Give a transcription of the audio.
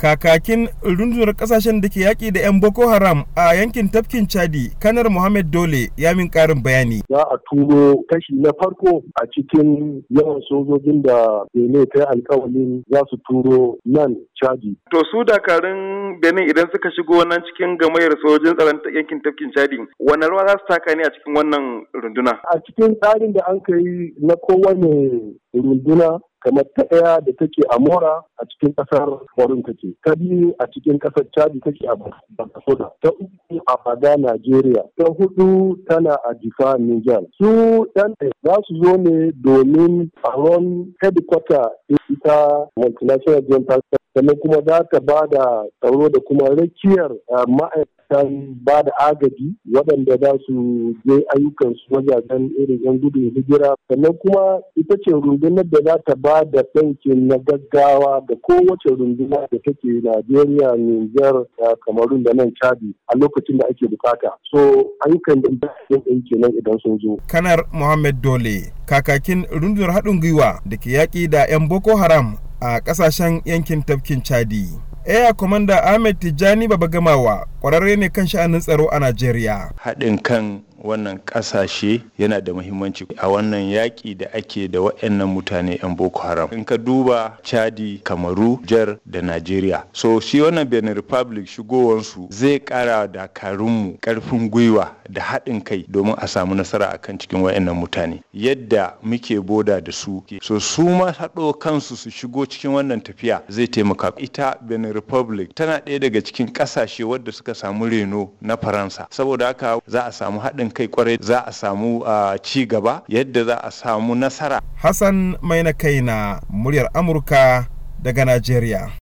Kakakin rundunar kasashen da ke yaƙi da 'yan Boko Haram a yankin tafkin Chadi, Kanar Mohammed Dole ya min ƙarin bayani. Za a turo kashi na farko a cikin yawan sojojin da Benin ta alkawalin za su turo nan Chadi. To su dakarun Benin idan suka shigo nan cikin gamayyar sojojin tsaron yankin tafkin Chadi, wani rawa za su taka ne a cikin wannan runduna? A cikin tsarin da an kai na kowane runduna kamar ta ɗaya da take a mora a cikin ƙasar warin take ta biyu a cikin ƙasar chadi take a bakasoda ta uku a bada najeriya ta hudu tana a jifa niger su ɗan za su zo ne domin tsaron headquarter ita multinational general sannan kuma za ta ba da tsaro da kuma rakiyar eh, ma'aikata ma'aikatan ba da agaji waɗanda za su je ayyukan su wajajen irin yan gudun hijira sannan kuma ita ce rundunar da za ta ba da bankin na gaggawa da kowace runduna da take Najeriya, Nijar, Kamarun da nan Chadi a lokacin da ake bukata. So ayyukan da za su nan idan sun zo. Kanar Muhammad Dole kakakin rundunar haɗin gwiwa da ke yaƙi da 'yan Boko Haram a ƙasashen yankin tafkin Chadi. Air Commander Ahmed Tijjani Babagamawa kwararre ne kan sha'anin tsaro a Najeriya. Haɗin kan wannan kasashe yana da muhimmanci a wannan yaƙi da ake da waɗannan mutane 'yan boko haram in ka duba chadi kamaru jar da najeriya so shi wannan benin republic shigowansu zai ƙara dakarunmu ƙarfin gwiwa da haɗin kai domin a samu nasara a kan cikin wa'annan mutane yadda muke boda da su so su ma haɗo kansu su shigo cikin wannan tafiya zai taimaka ita benin republic tana ɗaya daga cikin ƙasashe wadda suka samu reno na faransa saboda haka za a samu haɗin kai kwarai za a samu ci gaba yadda za a samu nasara hassan mai na na muryar amurka daga najeriya